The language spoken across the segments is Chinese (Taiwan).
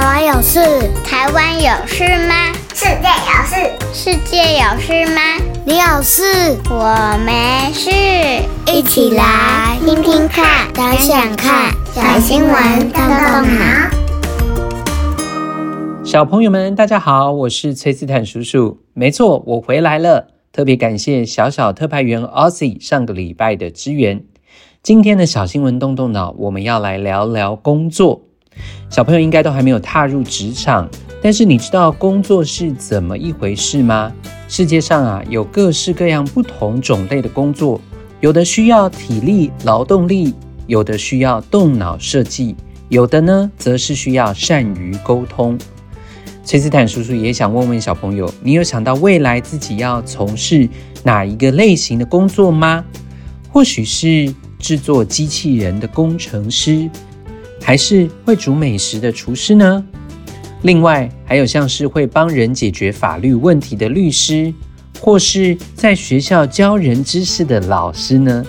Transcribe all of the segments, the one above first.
台灣有事？台灣有事嗎？世界有事？世界有事嗎？你有事，我沒事。一起來聽聽看，想想看，看小新聞動動腦。小朋友們，大家好，我是崔斯坦叔叔。沒錯，我回來了。特別感謝小小特派員 Ozzy 上個禮拜的支援。今天的小新聞動動腦，我們要來聊聊工作。小朋友應該都還沒有踏入職場，但是你知道工作是怎麼一回事嗎？世界上啊，有各式各樣不同種類的工作，有的需要體力、勞動力，有的需要動腦設計，有的呢，則是需要善於溝通。崔斯坦叔叔也想問問小朋友，你有想到未來自己要從事哪一個類型的工作嗎？或許是製作機器人的工程師。還是會煮美食的廚師呢？另外還有像是會幫人解決法律問題的律師，或是在學校教人知識的老師呢？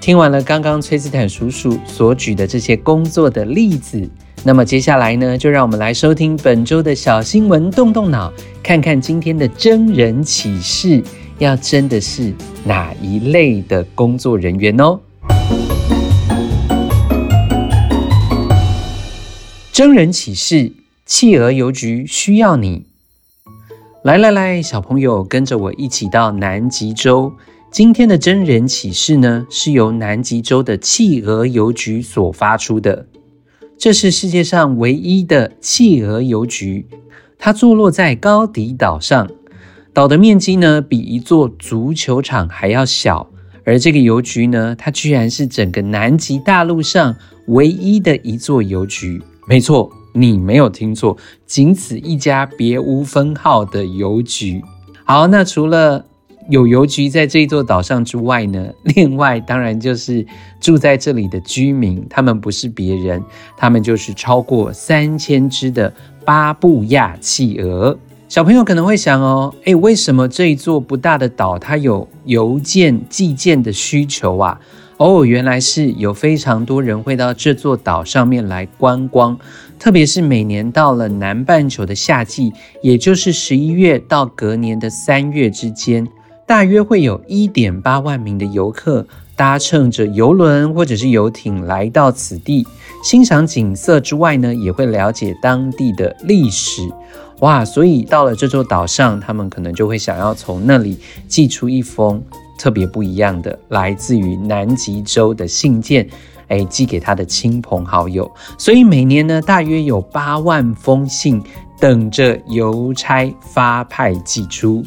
聽完了剛剛崔斯坦叔叔所舉的這些工作的例子，那麼接下來呢，就讓我們來收聽本週的小新聞，動動腦，看看今天的徵人啟事要徵的是哪一類的工作人員哦。徵人啟事，企鵝郵局需要你！來來來，小朋友跟着我一起到南極洲。今天的徵人啟事呢，是由南極洲的企鵝郵局所發出的。這是世界上唯一的企鵝郵局，它坐落在高迪島上，島的面積呢，比一座足球場還要小。而這個郵局呢，它居然是整個南極大陸上唯一的一座郵局。沒錯，你沒有聽錯，僅此一家，別無分號的郵局。好，那除了有郵局在這座島上之外呢？另外，當然就是住在這裡的居民，他們不是別人，他們就是超過三千隻的巴布亞企鵝。小朋友可能會想哦，誒，為什麼這一座不大的島，它有郵件寄件的需求啊？哦，原來是有非常多人會到這座島上面來觀光，特別是每年到了南半球的夏季，也就是十一月到隔年的三月之間，大約會有一點八萬名的遊客搭乘着遊輪或者是遊艇來到此地欣賞景色之外呢，也會了解當地的歷史。哇，所以到了這座島上，他們可能就會想要從那裡寄出一封。特別不一樣的，來自於南極洲的信件，欸，寄給他的親朋好友。所以每年呢，大約有八萬封信等着郵差發派寄出。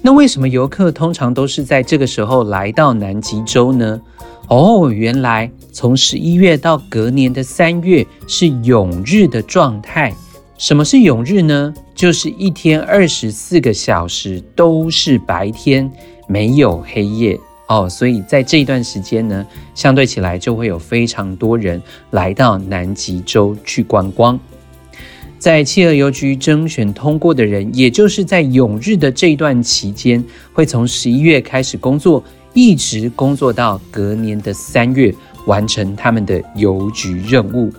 那為什麼遊客通常都是在這個時候來到南極洲呢？哦，原來從十一月到隔年的三月是永日的狀態。什麼是永日呢？就是一天二十四個小時都是白天。沒有黑夜哦，所以在這一段時間呢，相對起來就會有非常多人來到南極洲去觀光。在企鵝郵局徵選通過的人，也就是在永日的這一段期間，會從十一月開始工作，一直工作到隔年的三月，完成他們的郵局任務。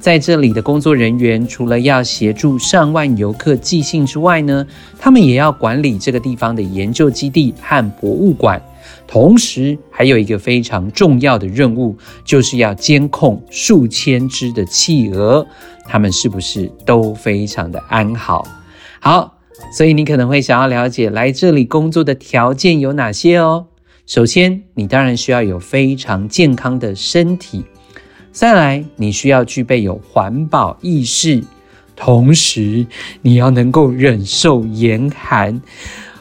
在這裡的工作人員除了要協助上萬遊客寄信之外呢，他們也要管理這個地方的研究基地和博物館，同時還有一個非常重要的任務，就是要監控數千隻的企鵝，他們是不是都非常的安好？好，所以你可能會想要了解來這裡工作的條件有哪些哦。首先，你當然需要有非常健康的身體。再來，你需要具備有環保意識，同時你要能夠忍受嚴寒，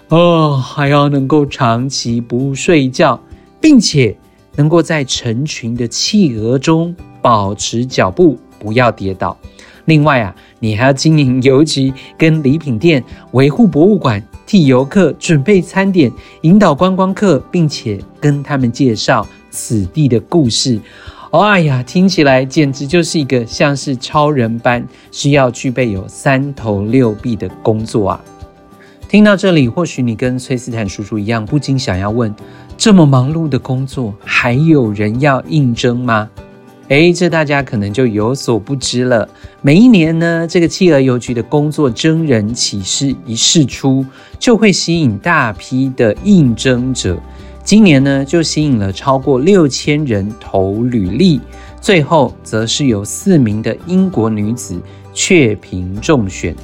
啊、哦，還要能夠長期不睡覺，並且能夠在成群的企鵝中保持腳步，不要跌倒。另外啊，你還要經營郵局跟禮品店，維護博物館，替遊客準備餐點，引導觀光客，並且跟他們介紹此地的故事。哦、哎呀，聽起來簡直就是一個像是超人般需要具備有三頭六臂的工作啊！聽到這裡，或許你跟崔斯坦叔叔一樣，不禁想要問：這麼忙碌的工作，還有人要應徵嗎？哎、欸，這大家可能就有所不知了。每一年呢，這個企鵝郵局的工作徵人啟事一釋出，就會吸引大批的應徵者。今年呢，就吸引了超過六千人投履歷，最後則是由四名的英國女子雀屏中選。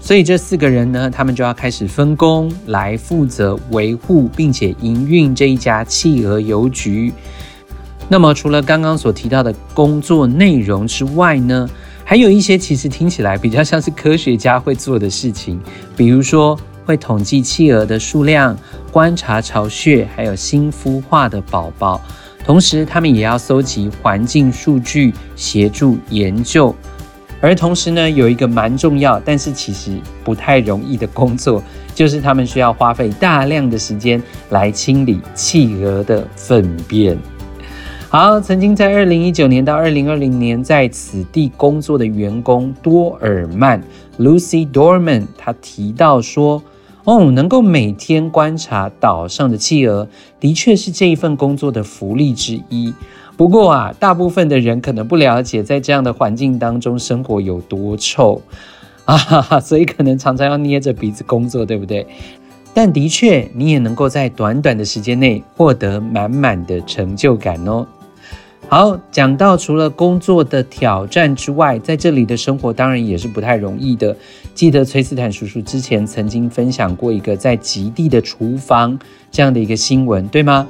所以這四個人呢，他們就要開始分工來負責維護並且營運這一家企鵝郵局。那麼除了剛剛所提到的工作內容之外呢，還有一些其實聽起來比較像是科學家會做的事情，比如說。會統計企鵝的數量，觀察巢穴，還有新孵化的寶寶。同時，他們也要搜集環境數據，協助研究。而同時呢，有一個蠻重要，但是其實不太容易的工作，就是他們需要花費大量的時間來清理企鵝的糞便。好，曾經在二零一九年到二零二零年在此地工作的員工多爾曼 （Lucy Dorman） 他提到說，哦，能夠每天觀察島上的企鵝，的確是這一份工作的福利之一。不過啊，大部分的人可能不了解，在這樣的環境當中生活有多臭啊，所以可能常常要捏着鼻子工作，對不對？但的確，你也能夠在短短的時間內獲得滿滿的成就感哦。好，講到除了工作的挑戰之外，在這裡的生活當然也是不太容易的。記得崔斯坦叔叔之前曾經分享過一個在極地的廚房這樣的一個新聞，對嗎？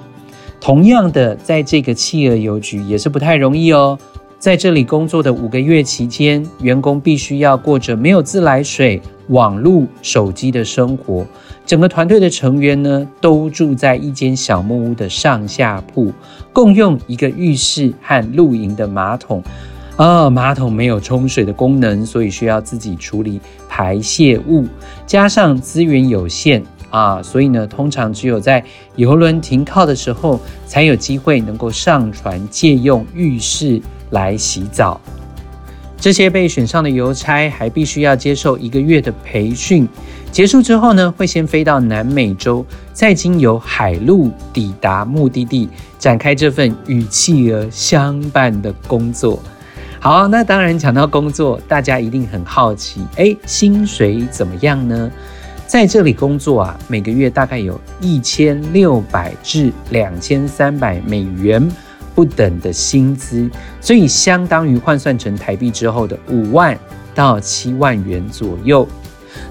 同樣的，在這個企鵝郵局也是不太容易哦。在這裡工作的五個月期間，員工必須要過着沒有自來水、網路、手機的生活。整個團隊的成員呢，都住在一間小木屋的上下鋪，共用一個浴室和露營的馬桶。啊、哦，馬桶沒有沖水的功能，所以需要自己處理排泄物。加上資源有限啊，所以呢，通常只有在遊輪停靠的時候，才有機會能夠上船借用浴室。來洗澡，這些被選上的郵差還必須要接受一個月的培訓。結束之後呢，會先飛到南美洲，再經由海路抵達目的地，展開這份與企鵝相伴的工作。好，那當然講到工作，大家一定很好奇，哎，薪水怎麼樣呢？在這裡工作啊，每個月大概有一千六百至兩千三百美元。不等的薪資，所以相當於換算成台幣之後的五萬到七萬元左右。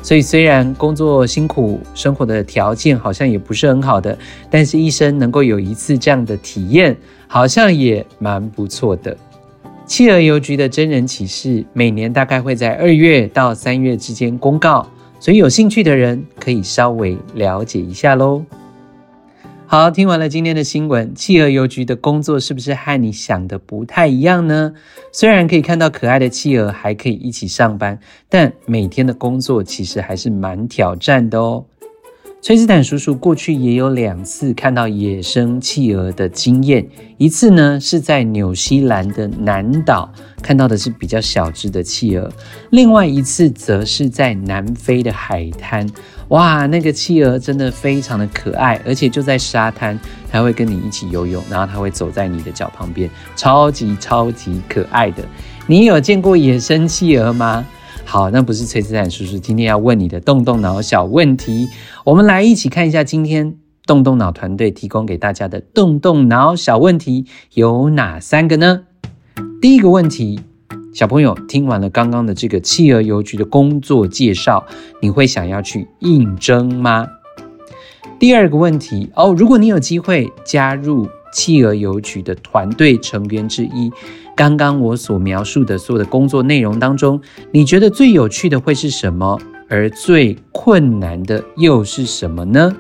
所以雖然工作辛苦，生活的條件好像也不是很好的，但是一生能夠有一次這樣的體驗，好像也蠻不錯的。企鵝郵局的徵人啟事，每年大概會在二月到三月之間公告，所以有興趣的人可以稍微了解一下嘍。好，聽完了今天的新聞，企鵝郵局的工作是不是和你想的不太一樣呢？雖然可以看到可愛的企鵝，還可以一起上班，但每天的工作其實還是蠻挑戰的哦。崔斯坦叔叔過去也有兩次看到野生企鵝的經驗，一次呢，是在紐西蘭的南島，看到的是比較小隻的企鵝，另外一次則是在南非的海灘，哇，那個企鵝真的非常的可愛，而且就在沙灘，它會跟你一起游泳，然後它會走在你的腳旁邊，超級超級可愛的。你有見過野生企鵝嗎？好，那不是崔斯坦叔叔今天要問你的動動腦小問題。我們來一起看一下今天動動腦團隊提供給大家的動動腦小問題有哪三個呢？第一個問題，小朋友聽完了剛剛的這個企鵝郵局的工作介紹，你會想要去應徵嗎？第二個問題，哦，如果你有機會加入。企鵝郵局的團隊成員之一，剛剛我所描述的所有的工作內容當中，你覺得最有趣的會是什麼？而最困難的又是什麼呢？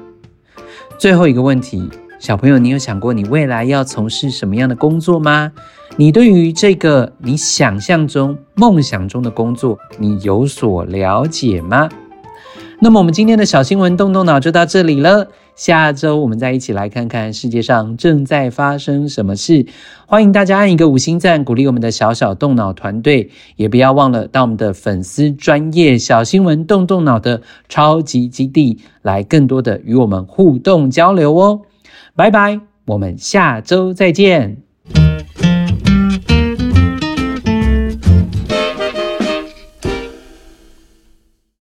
最後一個問題，小朋友，你有想過你未來要從事什麼樣的工作嗎？你對於這個你想象中、夢想中的工作，你有所了解嗎？那麼我們今天的小新聞，動動腦就到這裡了。下週我們再一起來看看世界上正在發生什麼事。歡迎大家按一個五星讚，鼓勵我們的小小動腦團隊。也不要忘了到我們的粉絲專頁小新聞動動腦的超級基地來，更多的與我們互動交流哦。拜拜，我們下週再見。